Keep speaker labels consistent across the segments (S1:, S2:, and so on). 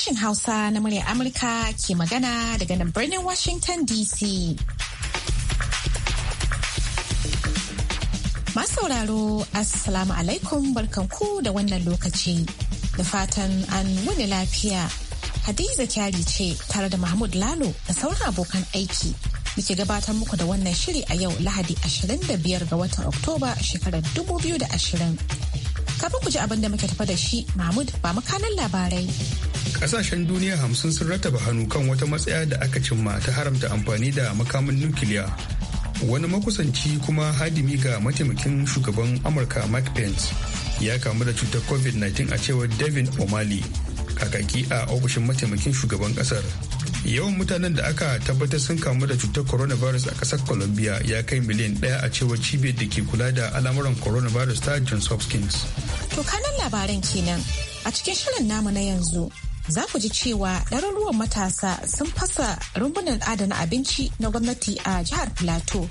S1: sashen Hausa na murya Amurka ke magana daga nan birnin Washington DC. sauraro Assalamu alaikum barkanku da wannan lokaci. Da fatan an wani lafiya. Hadiza kyari ce tare da Mahmud Lalo da sauran abokan aiki. Muke gabatar muku da wannan shiri a yau Lahadi 25 ga watan Oktoba shekarar 2020. Kafin ku ji abin da muke tafa da shi, Mahmud ba makanan labarai.
S2: Ƙasashen duniya hamsin sun rataba hannu kan wata matsaya da aka cimma ta haramta amfani da makamin nukiliya wani makusanci kuma hadimi ga mataimakin shugaban amurka Mark pence ya kamu da cutar covid-19 a cewar devin o'malley kakaki a ofishin mataimakin shugaban Ƙasar. yawan mutanen da aka tabbatar sun kamu da cutar coronavirus a ƙasar colombia ya kai miliyan ɗaya a cewar cibiyar da ke kula da al'amuran coronavirus ta johns hopkins
S1: to kanan labaran kenan a cikin shirin namu na yanzu za ku ji cewa ɗaruruwan matasa sun fasa rumbunan adana abinci na gwamnati a jihar Plateau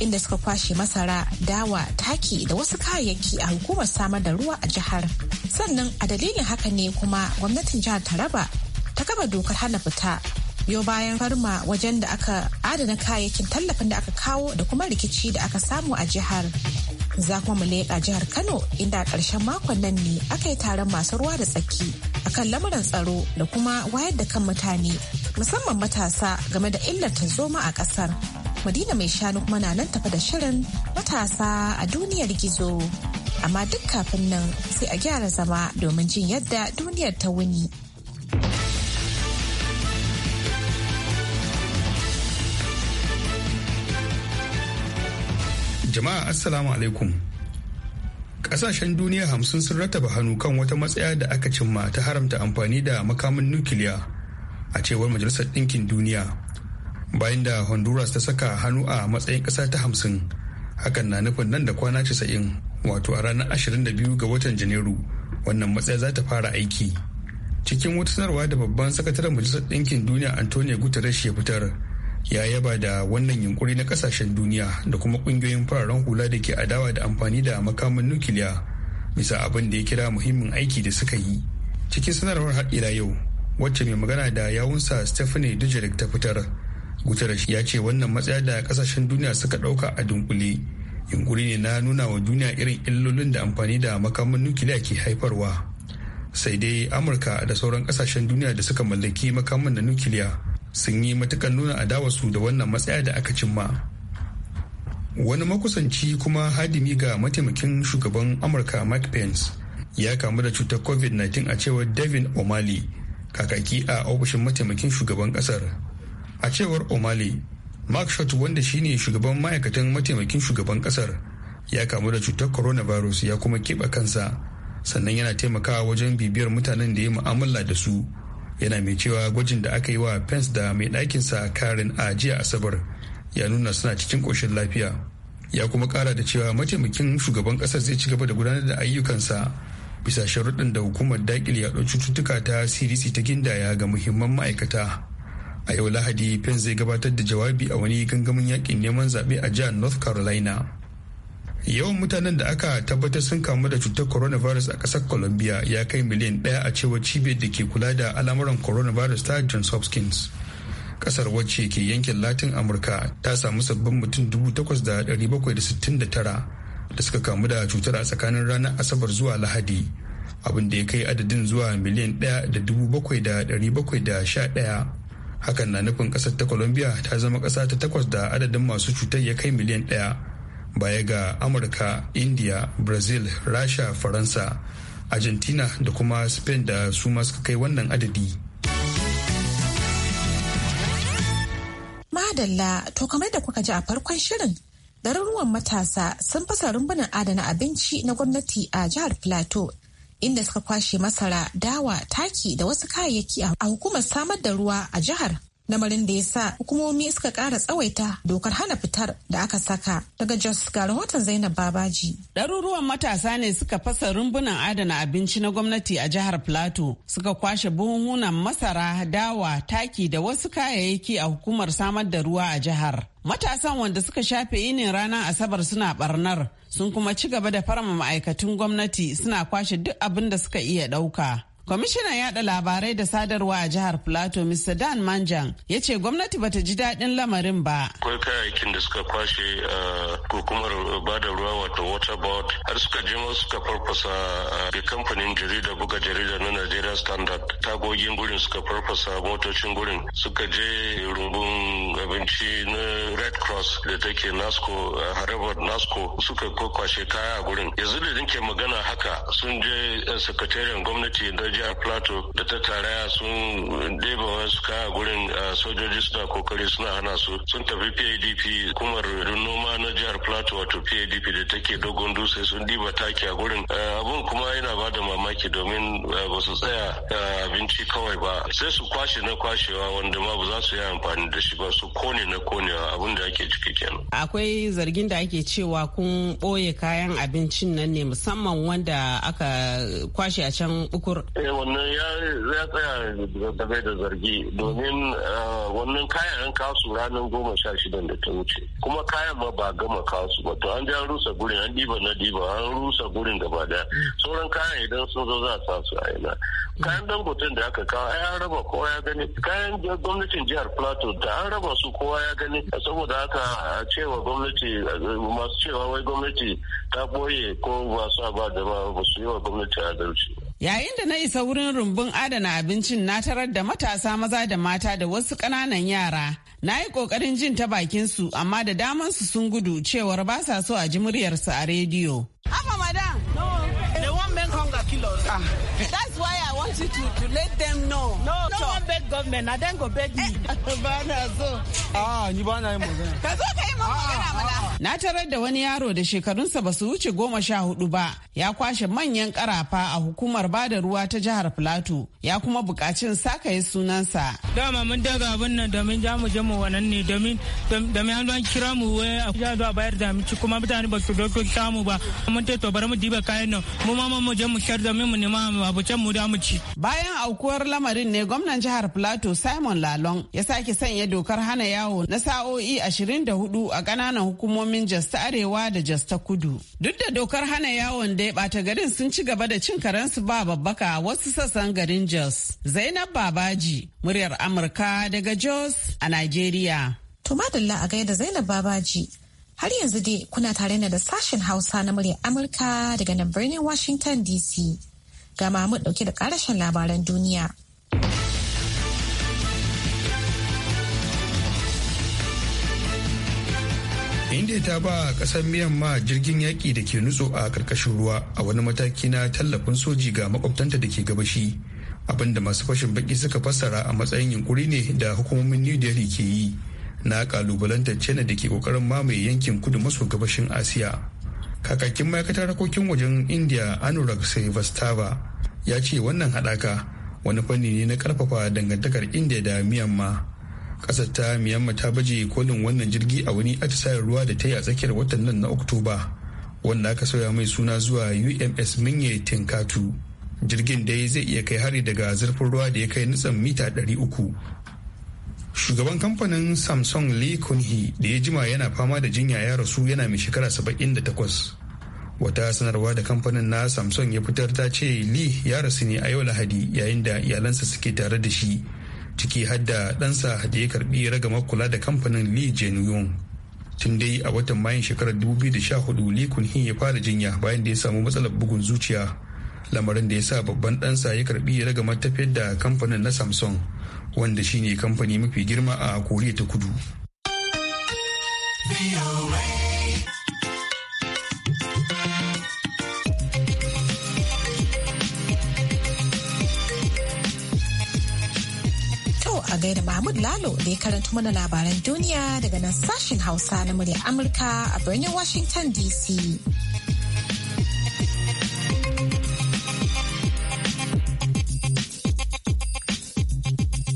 S1: inda suka kwashe masara, dawa, taki da wasu kayayyaki a hukumar samar da ruwa a jihar. Sannan a dalilin haka ne kuma gwamnatin jihar Taraba ta kafa dokar hana fita biyo bayan farma wajen da aka adana kayayyakin tallafin da aka kawo da kuma rikici da aka samu a jihar. za kuma mu leƙa jihar kano inda ƙarshen makon nan ne aka yi taron masu ruwa da tsaki akan lamuran tsaro da kuma wayar da kan mutane musamman matasa game da illar ta tarzoma a ƙasar madina mai shanu kuma na nan tafa da shirin matasa a duniyar gizo amma duk kafin nan sai a gyara zama domin jin yadda duniyar ta wuni
S2: Jama'a Assalamu alaikum. Kasashen duniya hamsin sun rattaba hannu kan wata matsaya da aka cimma ta haramta amfani da makamin nukiliya a cewar Majalisar Ɗinkin Duniya. Bayan da Honduras ta saka hannu a matsayin ƙasa ta hamsin, hakan na nufin nan da kwana casa'in wato a ranar ashirin da biyu ga watan Janairu wannan matsaya za ta fara aiki. Cikin wata sanarwa da babban sakataren Majalisar Ɗinkin Duniya Antonio Guterres ya fitar. ya yaba da wannan yunkuri na kasashen duniya da kuma kungiyoyin fararen hula da ke adawa da amfani da makaman nukiliya bisa abin da ya kira muhimmin aiki da suka yi cikin sanarwar haɗira yau wacce mai magana da yawunsa stephanie dujerik ta fitar guterres ya ce wannan matsaya da kasashen duniya suka ɗauka a dunkule yunkuri ne na nuna wa duniya irin illolin da amfani da makaman nukiliya ke haifarwa sai dai amurka da sauran kasashen duniya da suka mallaki makaman na nukiliya sun yi matukar nuna su da wannan matsaya da aka cimma wani makusanci kuma hadimi ga mataimakin shugaban amurka mike pence ya kamu da cutar covid-19 a cewar devin o'malley kakaki a ofishin mataimakin shugaban kasar a cewar o'malley mark shot wanda shine shugaban ma'aikatan mataimakin shugaban kasar ya kamu da cutar coronavirus ya kuma keɓe kansa sannan yana taimakawa wajen bibiyar mutanen da ya mu'amala da su yana mai cewa gwajin da aka yi wa pence da mai ɗakinsa karin a jiya asabar ya nuna suna cikin ƙoshin lafiya ya kuma ƙara da cewa mataimakin shugaban ƙasar zai ci gaba da gudanar da ayyukansa bisa sharuɗin da hukumar daƙil yaɗo cututtuka ta cdc ta gindaya ga muhimman ma'aikata a yau lahadi pence zai gabatar da jawabi a wani gangamin yakin neman zaɓe a jihar north carolina yawan mutanen da aka tabbatar sun kamu da cutar coronavirus a ƙasar colombia ya kai miliyan ɗaya a cewar cibiyar da ke kula da al'amuran coronavirus ta johns hopkins ƙasar wacce ke yankin latin amurka ta samu sabbin mutum 8,769 da suka kamu da cutar a tsakanin ranar asabar zuwa lahadi abin da ya kai adadin zuwa miliyan ɗaya da dubu bakwai da dari bakwai da sha ɗaya hakan na nufin ƙasar ta colombia ta zama ƙasa ta takwas da adadin masu cutar ya kai miliyan ɗaya baya ga amurka india brazil rasha faransa argentina da kuma spain da su suka kai wannan adadi
S1: madalla to kamar da kuka ji a farkon shirin ɗaruruwan matasa sun fasa rumbunan adana abinci na gwamnati a jihar plateau inda suka kwashe masara dawa taki da wasu kayayyaki a hukumar samar da ruwa a jihar lamarin da ya sa hukumomi suka ƙara tsawaita dokar hana fitar da aka saka daga jos ga rahoton zainab babaji ɗaruruwan matasa
S3: ne suka fasa rumbunan adana abinci na gwamnati a jihar plateau suka kwashe buhunhunan masara dawa taki da wasu kayayyaki a hukumar samar da ruwa a jihar matasan wanda suka shafe inin ranar asabar suna barnar sun kuma ci gaba da farma ma'aikatun gwamnati suna kwashe duk abin da suka iya ɗauka Kwamishinan yada labarai da sadarwa a jihar Plateau, Mr. Dan Manjan, ya ce gwamnati bata ji daɗin lamarin ba.
S4: Akwai kayayyakin da suka kwashe uh, hukumar ba da ruwa wato water board har suka je suka farfasa ga uh, kamfanin jarida buga jarida na Nigeria Standard tagogin gurin suka farfasa motocin gurin suka je rumbun abinci na Red Cross da take Nasco uh, harabar Nasco suka kwashe kaya a gurin. Yanzu da nake magana haka sun je sakataren gwamnati jihar plateau da ta taraya sun ɗeba wasu kaya gurin sojoji suna kokari suna hana su sun tafi PADP kumar noma na jihar plateau wato pdp da take dogon dutse sun ɗiba taki a gurin abun kuma yana ba da mamaki domin ba su tsaya abinci kawai ba sai su kwashe na kwashewa wanda ma ba za su yi amfani da shi ba su kone na konewa abin da
S5: ake ciki
S3: kenan. Akwai zargin da ake cewa kun ɓoye kayan abincin nan ne musamman wanda aka kwashe a can ukur.
S5: Eh, wannan ya tsaya
S4: game da zargi domin eh, wannan kayan an kasu ranar goma sha shidan da ta wuce kuma kayan ma ba gama kasu ba to an ja rusa gurin an diba na diba an rusa gurin gaba daya sauran kayan idan sun zo za a sa su a ina kayan dangoton da aka kawo ai an raba kowa ya gani kayan gwamnatin jihar plateau da an raba su kowa ya gani saboda
S5: haka a cewa gwamnati masu cewa wai gwamnati ta boye ko ba sa ba da ba su yi wa gwamnati adalci
S3: Yayin da na isa wurin rumbun adana abincin na tarar da matasa maza da mata da wasu ƙananan yara. Na yi ƙoƙarin jin ta bakin su amma da daman su sun gudu cewar ba sa so a ji muryarsu a rediyo. Haba madam, hunger ah, That's why I want you to Let them know. No, no one beg government, na then go beg me. Ba na so. Ah, ni ba na yin magana. Ka zo ka yi magana ah, mana. Ah. Na tarar da wani yaro da shekarunsa ba su wuce goma sha hudu ba, ya kwashe manyan karafa a hukumar bada ruwa ta jihar Filato ya kuma bukacin sakaye sunansa.
S4: Dama mun daga abin nan domin ja mu je mu wannan ne domin domin an kira mu wai eh, a kuja zuwa bayar da mici kuma mutane ba su doko samu ba. Mun to bari mu diba kayan nan, mu ma mu je mu shar domin mu nema abucen mu da mu ci. Bayan aukuwar lamarin ne
S3: gwamnan jihar Plateau Simon Lalong ya sake sanya dokar hana yawo na sa'o'i 24 a kananan hukumomin Jos ta Arewa da Jos ta Kudu. Duk da dokar hana yawon dai bata garin sun ci gaba da cin karensu ba babbaka wasu sassan garin Jos. Zainab Babaji, muryar Amurka daga Jos a nigeria.
S1: To a gaida Zainab Babaji. Har yanzu dai kuna tare da sashen Hausa na muryar Amurka daga nan birnin Washington DC. ga Mahmud dauke da karashen labaran duniya.
S2: india ta ba kasar myanmar jirgin yaƙi da ke nutso a ƙarƙashin ruwa a wani mataki na tallafin soji ga makwabtanta da ke gabashi abin da masu fashin baki suka fassara a matsayin yunkuri ne da hukumomin new delhi ke yi na kalubalantar china da ke kokarin mamaye yankin kudu maso gabashin asiya kakakin ma'aikatar harkokin wajen india anurag srivastava ya ce wannan haɗaka wani fanni ne na karfafa dangantakar india da miyamma ƙasar ta miyamma ta baje kolin wannan jirgi a wani atisayar ruwa da ta yi a tsakiyar watan nan na oktoba wanda aka sauya mai suna zuwa ums minye tinkatu jirgin dai zai iya kai hari daga zurfin ruwa da ya kai nutsan mita 300 shugaban kamfanin samsung lee kunhi da ya jima yana fama da jinya ya rasu yana mai shekara 78 wata sanarwa da kamfanin na samsung ya fitar ta ce lee ya rasu ne a yau lahadi yayin da iyalansa suke tare da shi ciki hadda da ɗansa da ya karbi ragamar kula da kamfanin lee yong tun dai a watan mayan shekarar 2014 lee kunhi ya fara jinya bayan da ya samu matsalar bugun zuciya lamarin da ya sa babban ɗansa ya karbi ragamar tafiyar da kamfanin na samsung wanda shine kamfani mafi girma a koriya ta kudu
S1: a gaida Mahmud Lalo da ya karanta mana labaran duniya daga nan sashen Hausa na murya Amurka a birnin Washington DC.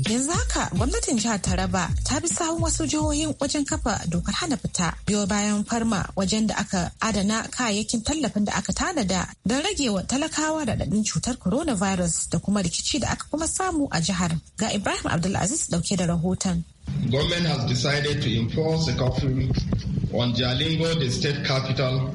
S1: yanzu haka gwamnatin jihar taraba ta bi sawun wasu jihohin wajen kafa dokar hana fita biyo bayan farma wajen da aka adana kayayyakin tallafin da aka tanada don rage wa talakawa da ɗaɗin cutar coronavirus da kuma rikici da aka kuma samu a jihar ga ibrahim abdulaziz dauke da rahoton
S2: Government has decided to enforce a curfew on Jalingo, the state capital,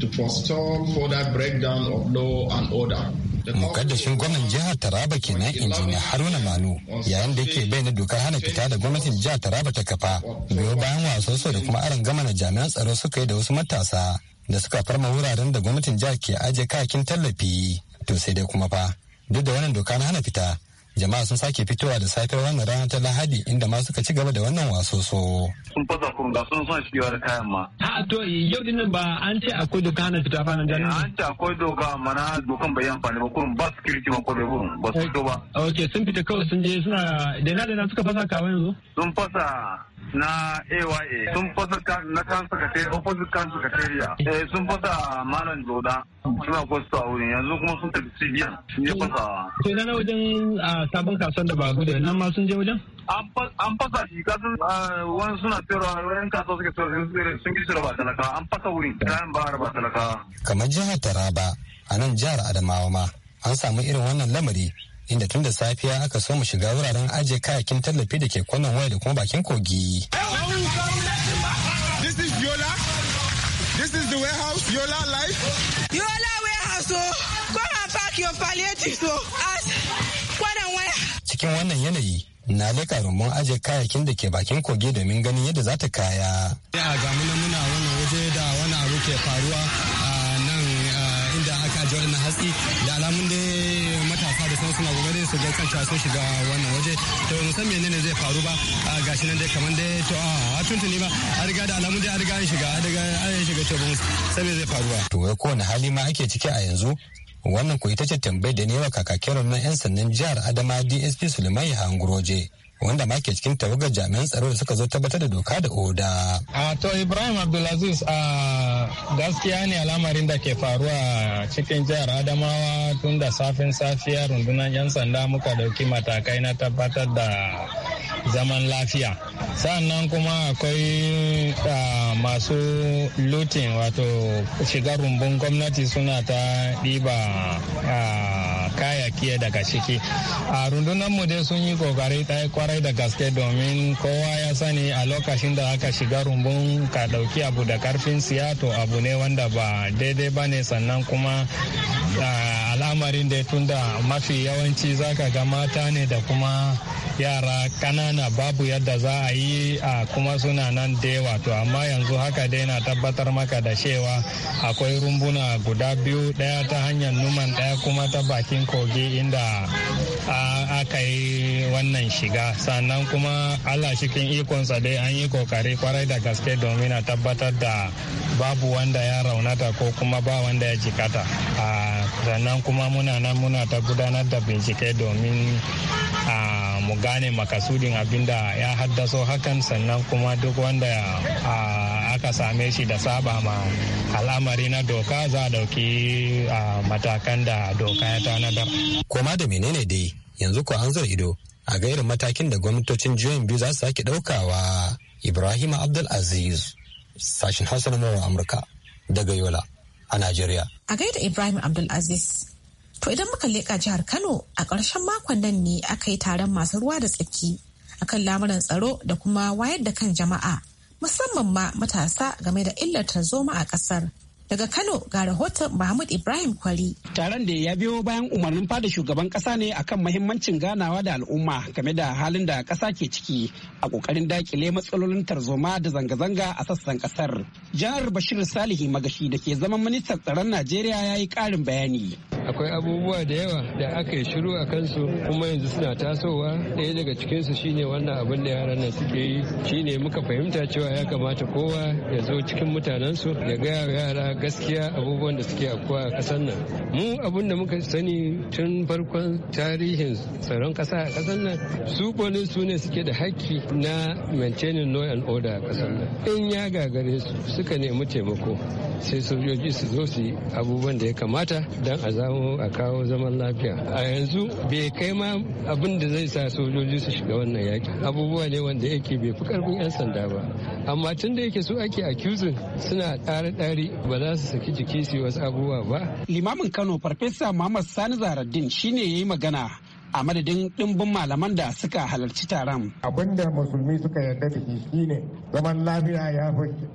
S2: to forestall further
S4: breakdown
S6: of law and order. mukaddashin gwamnan jihar taraba kenan injiniya haruna manu yayin da yake bayyana dokar hana fita da gwamnatin jihar taraba ta kafa biyo bayan wasoso da kuma aron gama na jami'an tsaro suka yi da wasu matasa da suka farma wuraren da gwamnatin jihar ke ajiye kakin tallafi to sai dai kuma fa duk da wannan doka na hana fita jama'a sun sake fitowa da safiyar wannan rana ta lahadi inda ma suka ci gaba da wannan wasoso. sun
S4: fasa kurga sun son shiyar kayan ma.
S6: ha to yau din nan ba an ce akwai doka hana fita fa nan an
S4: ce akwai doka mana dokan bai amfani ba kurun ba su security ma kurun kurun ba su fito ba.
S6: ok sun fita kawai sun je suna da na da na suka fasa kawai yanzu.
S4: sun fasa na AYA sun fasa na kan opposite kan sakatariya eh sun fasa malam Joda suna kwasta a wurin yanzu kuma sun tafi Sibiya sun je fasawa.
S6: To na wajen sabon kasuwan da ba gudu nan ma sun je wajen?
S4: An fasa shi kasan wani suna sayarwa wurin kasuwa suke sayarwa sun gishi da ba talaka an fasa wurin kayan ba da ba talaka.
S6: Kamar jihar Taraba a nan jihar Adamawa ma an samu irin wannan lamari inda tun da safiya aka so mu shiga wuraren ajiye kayakin tallafi da ke kwanan waya da kuma bakin kogi.
S3: This is Yola. This is the warehouse, Yola Life. Yola warehouse, so oh. go and pack your palliatives, so oh. as kwanan waya.
S6: Cikin wannan yanayi, na leka rumbun ajiye kayakin da ke bakin kogi domin ganin yadda za ta kaya. A ga muna muna wannan waje da wani abu ke faruwa a nan inda aka ajiye wannan hatsi da alamun dai sun suna gobe su ga kan cewa shiga wannan waje to mu san menene zai faru ba gashi nan dai kamar dai to a tuntuni ba a riga da alamun dai a riga an shiga a riga an shiga to ba san me zai faru ba to wai kowane hali ma ake ciki a yanzu wannan ko ita ce tambayar da ne wa kakakin nan 'yan sannan jihar adama dsp Sulaiman hangroje wanda ma ke cikin tawagar jami'an tsaro da suka zo tabbatar da doka da oda.
S4: A to Ibrahim Abdulaziz a gaskiya ne al'amarin da ke faruwa cikin jihar Adamawa tun da safin safiya rundunar 'yan sanda muka dauki matakai na tabbatar da zaman lafiya. Sannan kuma akwai masu lutin wato shiga rumbun gwamnati suna ta ɗiba kayaki daga ciki a rundunar mu dai sun yi kokari ta kwarai da gaske domin kowa ya sani a lokacin da aka shiga rumbun ka dauki abu da karfin siya to abu ne wanda ba daidai ba ne sannan kuma ah, al'amarin da tunda mafi yawanci zaka ga mata ne da kuma yara kanana babu yadda za a yi a kuma suna nan da yawa to amma yanzu haka dai na tabbatar maka da cewa akwai rumbuna guda biyu daya ta hanyar numan daya kuma ta bakin kogi inda aka yi wannan shiga sannan kuma allah cikin ikonsa dai an yi kokari kwarai da gaske domin a tabbatar da babu wanda ya raunata ko kuma ba wanda ya jikata a sannan kuma muna nan muna ta gudanar da bincike domin a mu gane makasudin abinda ya haddaso hakan sannan kuma duk wanda aka same shi da saba ma al'amari na doka za a dauki
S6: matakan da doka ya tanadar. koma da menene dai yanzu ko an zar ido a ga irin matakin da gwamnatocin juyin biyu za su sake daukawa ibrahim abdulaziz sashen hausa na amurka daga yola a Najeriya.
S1: A gaida Ibrahim Abdulaziz. To idan muka leƙa jihar Kano a ƙarshen makon nan ne aka yi taron masu ruwa da tsaki akan lamuran tsaro da kuma wayar da kan jama'a musamman ma matasa game da illar tarzoma a ƙasar. Daga Kano ga rahoton Mahmud Ibrahim
S7: Kwari. Taron da ya biyo bayan umarnin fada shugaban kasa ne akan mahimmancin ganawa da al'umma game da halin da kasa ke ciki a kokarin dakile matsalolin tarzoma da zanga-zanga a sassan kasar. Jihar Bashir Salihi Magashi da ke zaman ministan tsaron Najeriya ya yi karin
S6: bayani. akwai abubuwa da yawa da aka yi shiru a kansu kuma yanzu suna tasowa ɗaya daga cikinsu shine wannan abin da yaran nan suke yi shine muka fahimta cewa ya kamata kowa ya zo cikin mutanensu ya gaya wa yara gaskiya abubuwan da suke akwai a ƙasar nan mu abin da muka sani tun farkon tarihin tsaron kasa a ƙasar nan su kone su ne suke da haƙƙi na maintaining law and order a ƙasar nan in ya gagare su suka nemi taimako sai sojoji su zo su yi abubuwan da ya kamata don a kawo a kawo zaman lafiya a yanzu bai kai ma abin da zai sa sojoji su shiga wannan yaki abubuwa ne wanda yake bai fi karfin yan sanda ba amma tun da yake su ake accusing suna tsare tsare ba za su saki jiki su wasu abubuwa ba limamin
S7: kano farfesa muhammad sani zaraddin shine ya yi magana a madadin ɗimbin malaman da suka halarci taron.
S4: Abin da musulmi suka yarda da shi shine zaman lafiya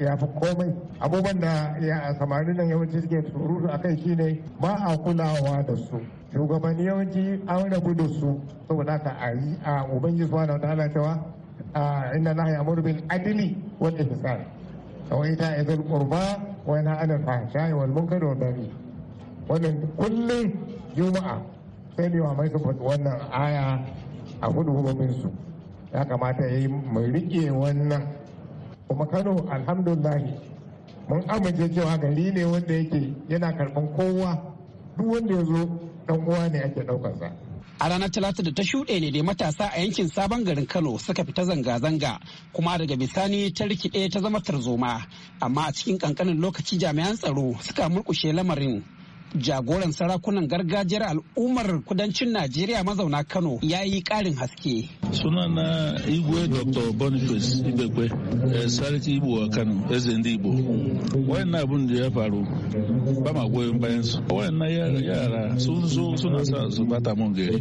S4: ya fi komai. Abubuwan da ya samari nan yawanci suke surutu a kai shine ba a kulawa da su. Shugabanni yawanci an rabu da su saboda ka a yi a Ubangiji Subhanahu wa ta'ala cewa inna Allah ya'muru bil adli wal ihsan. Wa ita'i dhil qurba kurba wani 'anil fahsha'i wal munkar da wani. Wannan kullum Juma'a sai limamai mai wannan aya a hudu su ya kamata ya yi mai rike wannan kuma kano alhamdulahi mun amince cewa gari ne wanda yake yana karɓan kowa duk wanda ya zo ɗan uwa ne ake ɗaukarsa.
S7: a ranar talata da ta shuɗe ne dai matasa a yankin sabon garin kano suka fita zanga-zanga kuma daga bisani ta rikide ta zama tarzoma amma a cikin kankanin lokaci jami'an tsaro suka murkushe lamarin jagoran sarakunan gargajiyar al'ummar kudancin najeriya mazauna kano ya yi karin haske
S5: suna na igwe dr boniface ibekwe eh, sarki igbo a kano
S2: eze ndị Wani na abin da ya faru ba ma goyon bayan su na yara sun zo suna sa su bata mun gari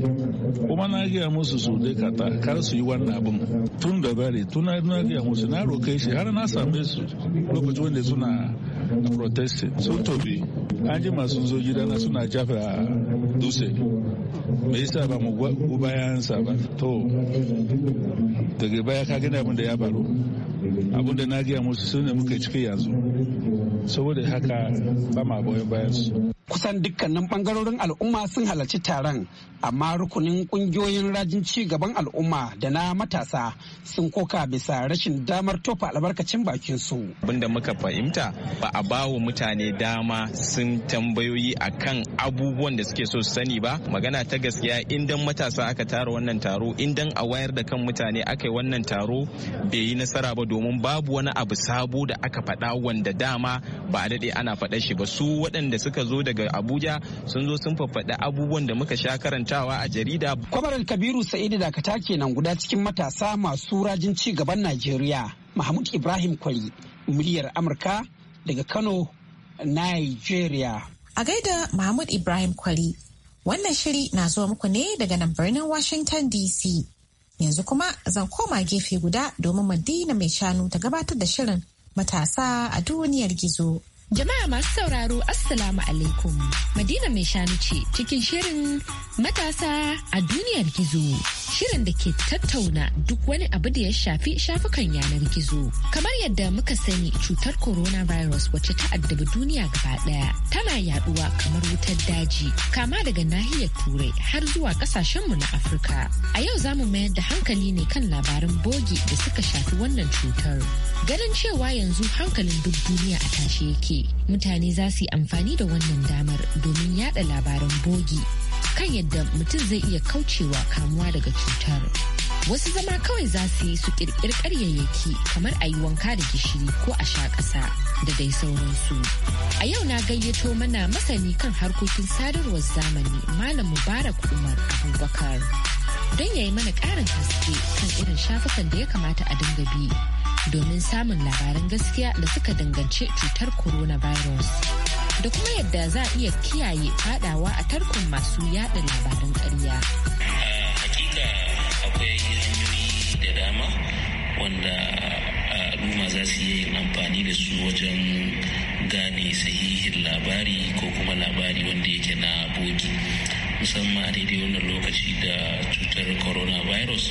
S2: kuma na gaya musu su dai kata kar su yi wannan abin tun da bari tun na gaya musu na roke shi har na same su lokacin wanda suna protesting sun tobi an ji sun zo gidana suna jafa dutse me yasa ba mu bayansa ba to daga baya ka na abin da ya faru abin da na gaya musu sun muka ciki yanzu
S7: saboda haka ba ma bayan
S2: bayansu
S7: kusan dukkanin bangarorin al'umma sun halarci taron amma rukunin kungiyoyin rajin ci gaban al'umma da na matasa sun koka bisa rashin damar tofa albarkacin bakin su
S4: abinda muka fahimta ba a bawa mutane dama sun tambayoyi akan abubuwan da suke so su sani ba magana ta gaskiya indan matasa aka tara wannan taro indan a wayar da kan mutane aka yi wannan taro bai yi nasara ba domin babu wani abu sabo da aka faɗa wanda dama ba a daɗe ana faɗa shi ba su waɗanda suka zo daga daga abuja sun zo sun faffaɗa abubuwan da muka sha karantawa a jarida
S7: kwamaran kabiru sa'idu dakata kenan guda cikin matasa masu rajin ci gaban najeriya mahmud ibrahim kwari muryar amurka daga kano nigeria
S1: a gaida mahmud ibrahim kwari wannan shiri na zuwa muku ne daga nan birnin washington dc yanzu kuma zan koma gefe guda domin madina mai shanu ta gabatar da shirin matasa a duniyar gizo. Jama'a masu sauraro Assalamu alaikum.
S8: Madina mai shanu ce cikin shirin matasa a duniyar gizo. Shirin da ke tattauna duk wani abu da ya shafi shafukan yanar gizo. Kamar yadda muka sani cutar coronavirus wacce ta addabi duniya gaba daya tana yaduwa kamar wutar daji kama daga nahiyar turai har zuwa kasashenmu na Afirka. A yau za mu mayar da hankali ne kan labarin bogi da suka shafi wannan cutar. Ganin cewa yanzu hankalin duk duniya a tashe yake. mutane za su yi amfani da wannan damar domin yada labaran bogi kan yadda mutum zai iya kaucewa kamuwa daga cutar. Wasu zama kawai za su yi su kirkir karyayyaki kamar a yi wanka da gishiri ko a sha ƙasa da dai sauransu. A yau na gayyato mana masani kan harkokin sadarwar zamani Malam Mubarak Umar Abubakar. Don ya yi mana ƙarin haske kan irin shafukan da ya kamata a dinga bi domin samun labaran gaskiya da suka danganci cutar coronavirus. Da kuma yadda za a iya kiyaye fadawa a tarkon masu yada labaran ƙarya.
S5: Hakika akwai hanyoyi da dama wanda al'umma za su iya amfani da su wajen gane sahihin labari ko kuma labari wanda yake na bogi musamman a daidai wannan lokaci da cutar coronavirus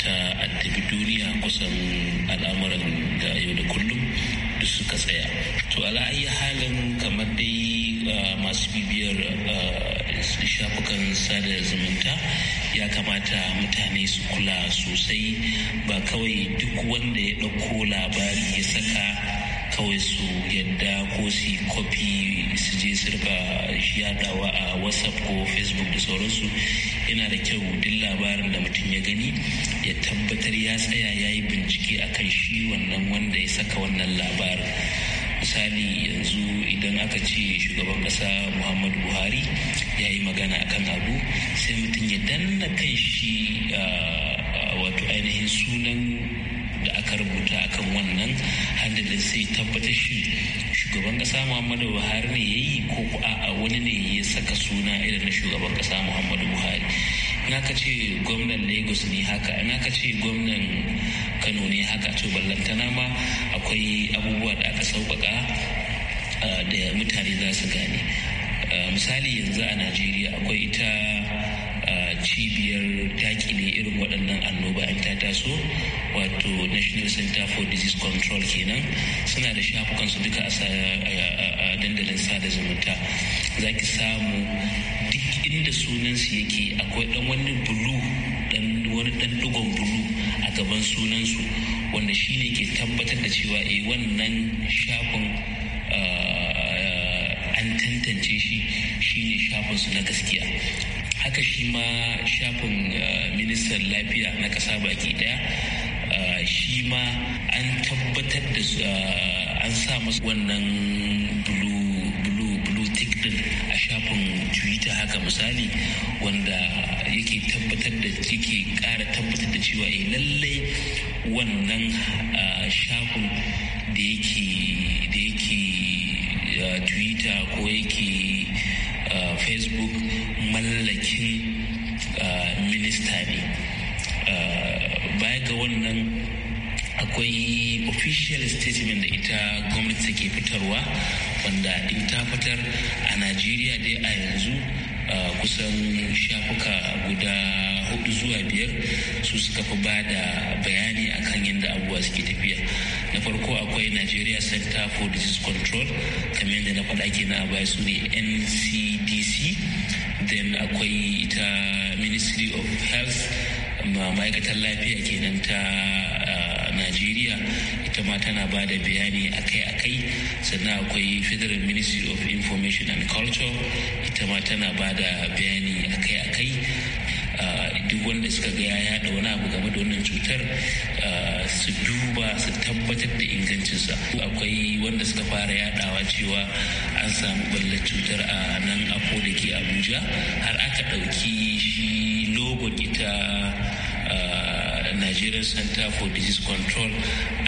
S5: ta addabi duniya kusan al'amuran da yau da kullum da suka tsaya to ala'ayi halin kamar dai masu bibiyar shafukan sada zumunta ya kamata mutane su kula sosai ba kawai duk wanda ya ɗauko labari ya saka kawai su yadda ko su kofi su je su rika yadawa a whatsapp ko facebook da sauransu yana da kyau duk labarin da mutum ya gani ya tabbatar ya tsaya ya yi bincike akan shi wannan wanda ya saka wannan labarin misali yanzu idan aka ce shugaban kasa muhammadu buhari ya yi magana akan abu sai mutum ya danna kan shi ah, wato ainihin sunan ka rubuta kan wannan da sai tabbatar shi shugaban kasa muhammadu buhari ne ya yi ko a wani ne ya saka suna irin na shugaban kasa muhammadu buhari na ka ce gwamnan lagos ne haka na ka ce gwamnan kano ne haka to ballantana ma akwai abubuwa da aka sauƙaƙa da mutane za su gane misali yanzu a najeriya akwai ita cibiyar ne irin waɗannan annoba in ta taso wato national center for disease control kenan suna da shafukan su duka a dandalin sada zumunta za ki samu duk inda sunansu yake akwai dan wani bulu dan wani dan dugon bulu a gaban sunansu wanda shi ke tabbatar da cewa eh wannan shafin an tantance shi shine shafin su na gaskiya haka shi ma shafin ministan lafiya na kasa baki daya shi ma an tabbatar da an sa masa wannan blue tick din a shafin twitter haka misali wanda yake tabbatar da yake kara tabbatar da cewa eh lallai wannan shafin da yake da yake twitter ko yake facebook mallakin minista ne baya ga wannan akwai official statement da ita gwamnati take fitarwa wanda in ta fitar a najeriya dai a yanzu kusan shafuka guda hudu zuwa biyar su suka fi ba da bayani akan yadda abubuwa suke tafiya na farko akwai nigeria center for disease control kamar yadda na faɗa na a baya su ne ncdc then akwai ita ministry of health ma'aikatar lafiya kenan ta najeriya ita ma tana ba da bayani akai-akai sannan akwai federal ministry of information and culture ita ma tana ba da bayani akai-akai duk wanda suka ga ya yada wani abu game da wannan cutar su duba su tabbatar da ingancinsa akwai wanda suka fara yadawa cewa an samu ballar cutar a nan afo da ke abuja har aka ɗauki shi logon ita nigerian center for disease control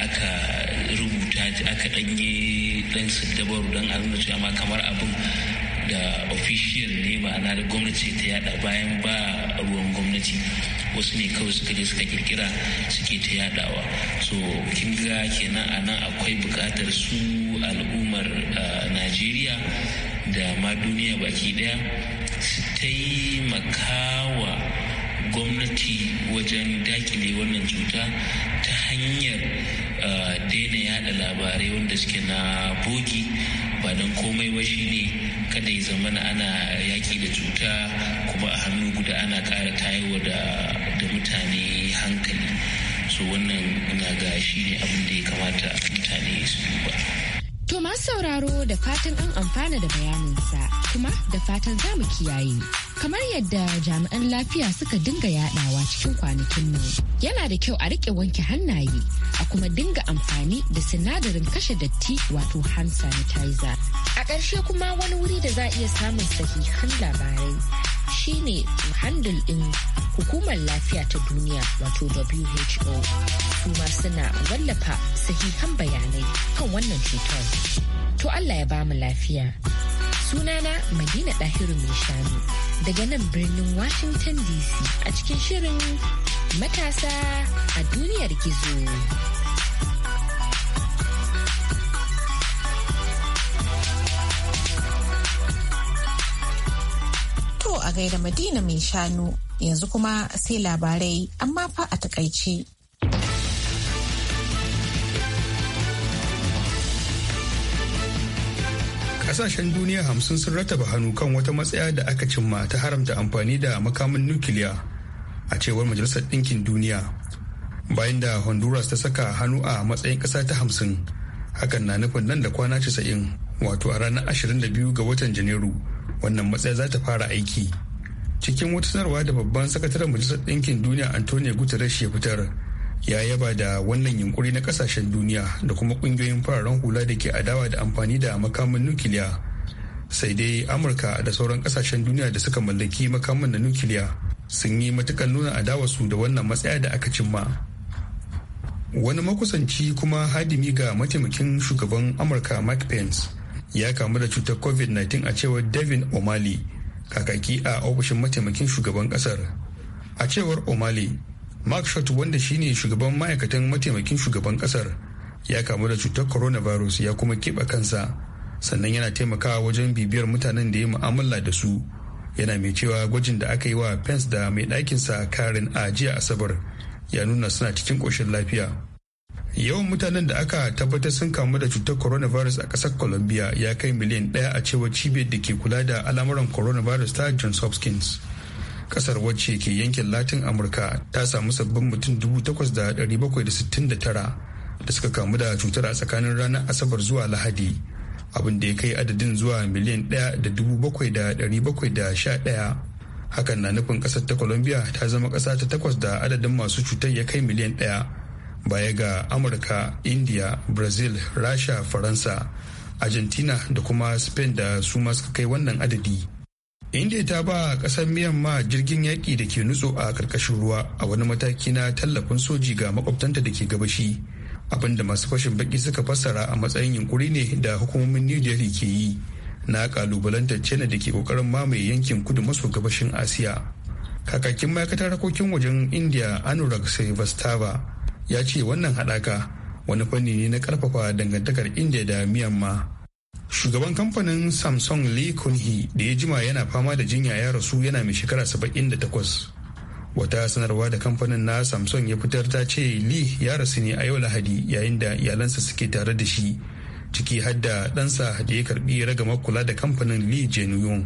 S5: aka rubuta aka ɗanyi ɗan dabaru don a nuna amma kamar abin da official ne ma'ana da gwamnati ta yada bayan ba ruwan gwamnati wasu ne kawai suka je suka kirkira suke ta yadawa so kin ga kenan a nan akwai bukatar su al'ummar najeriya da ma duniya baki daya su taimaka makawa gwamnati wajen dakile wannan cuta ta hanyar uh, daina yada labarai wanda suke na bogi ba don komai ba shi ne kada ya zama ana yaki da cuta kuma a hannu guda ana kara tayowa da mutane hankali so wannan na ga shi ne abin da ya kamata mutane su duba.
S8: sauraro da fatan an amfana da bayaninsa kuma da fatan za mu kiyaye. Kamar yadda jami'an lafiya suka dinga yadawa cikin kwanakin nan yana da kyau a rike wanke hannaye a kuma dinga amfani da sinadarin kashe datti wato hand sanitizer. A ƙarshe kuma wani wuri da za a iya samun sahihan labarai shine handle ɗin hukumar lafiya ta duniya wato WHO. su suna wallafa sahihan bayanai kan wannan cutar. To Allah ya bamu lafiya. Sunana Madina Dahiru mai shanu daga nan birnin Washington DC a cikin shirin matasa a duniyar gizo.
S1: to a gaida Madina mai shanu yanzu kuma sai labarai amma fa a
S2: takaice. kasashen duniya hamsin sun rataba hannu kan wata matsaya da aka cimma ta haramta amfani da makamin nukiliya a cewar majalisar ɗinkin duniya bayan da honduras ta saka hannu a matsayin ƙasa ta hamsin hakan na nufin nan da kwana casa'in wato a ranar ashirin da biyu ga watan janairu wannan matsaya za ta fara aiki cikin wata sanarwa da babban sakataren majalisar ɗinkin duniya antonio guterres ya fitar ya yaba da wannan yunkuri na kasashen duniya da kuma kungiyoyin fararen hula da ke adawa da amfani da makamin nukiliya sai dai amurka da sauran kasashen duniya da suka mallaki makamin na nukiliya sun yi matukan nuna adawa su da wannan matsaya da aka cimma wani makusanci kuma hadimi ga mataimakin shugaban amurka mike pence ya kamu da cutar covid-19 a cewar devin o'malley kakaki a ofishin mataimakin shugaban kasar a cewar o'malley mark shot wanda shine shugaban ma'aikatan mataimakin shugaban kasar ya kamu da cutar coronavirus ya kuma keɓe kansa sannan yana taimakawa wajen bibiyar mutanen da ya mu'amala da su yana mai cewa gwajin da aka yi wa pence da mai ɗakinsa karin a jiya asabar ya nuna suna cikin ƙoshin lafiya yawan mutanen da aka tabbatar sun kamu da cutar coronavirus a ƙasar colombia ya kai miliyan ɗaya a cewar cibiyar da ke kula da al'amuran coronavirus ta johns hopkins kasar wacce ke yankin latin amurka ta samu sabbin mutum 8,769 da suka kamu da cutar a tsakanin ranar asabar zuwa lahadi abin da ya kai adadin zuwa miliyan 1,771 hakan na nufin kasar ta colombia ta zama kasa ta takwas da adadin masu cutar ya kai miliyan ɗaya baya ga amurka india brazil rasha faransa argentina da kuma spain da su ma suka kai wannan adadi india ta ba kasar myanmar jirgin yaƙi da ke nutso a ƙarƙashin ruwa a wani mataki na tallafin soji ga makwabtanta da ke gabashi abin da masu fashin baki suka fassara a matsayin yunkuri ne da hukumomin new delhi ke yi na kalubalantar china da ke kokarin mamaye yankin kudu maso gabashin asiya kakakin ma'aikatar harkokin wajen india anurag srivastava ya ce wannan haɗaka wani fanni ne na karfafa dangantakar india da myanmar shugaban kamfanin samsung lee kunhi da ya jima yana fama da jinya ya rasu yana mai shekara 78 wata sanarwa da kamfanin na samsung ya fitar ta ce lee ya rasu ne a yau lahadi yayin da iyalansa suke tare da shi ciki har da ɗansa da ya karbi ragamar kula da kamfanin lee jenuyong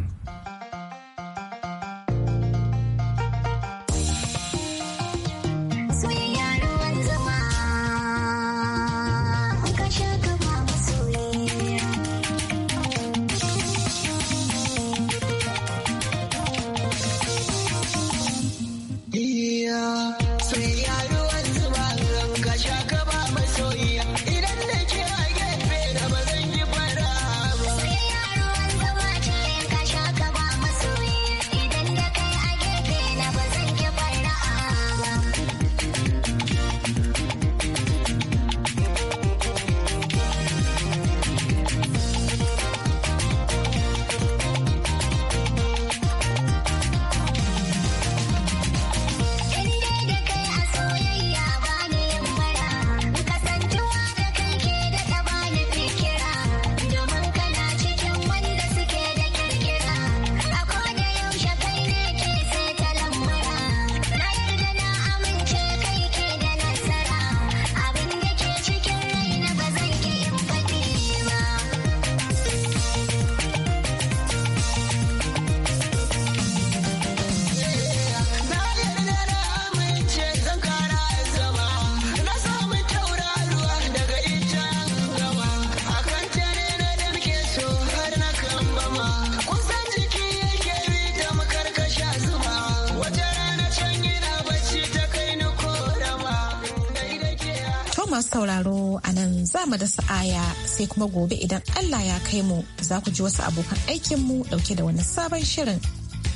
S1: masu sauraro a nan za mu da sa'aya sai kuma gobe idan Allah ya kai mu za ku ji wasu abokan aikinmu dauke da wani sabon shirin.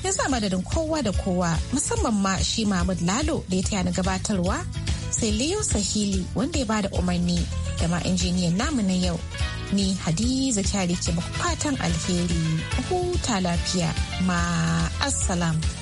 S1: Ya za madadin kowa da kowa musamman ma shi Mahmud Lalo da ya taya na gabatarwa sai Leo Sahili wanda ya bada umarni da ma injiniyan namu na yau. Ni Hadiza Kyari ke fatan alheri, huta lafiya, ma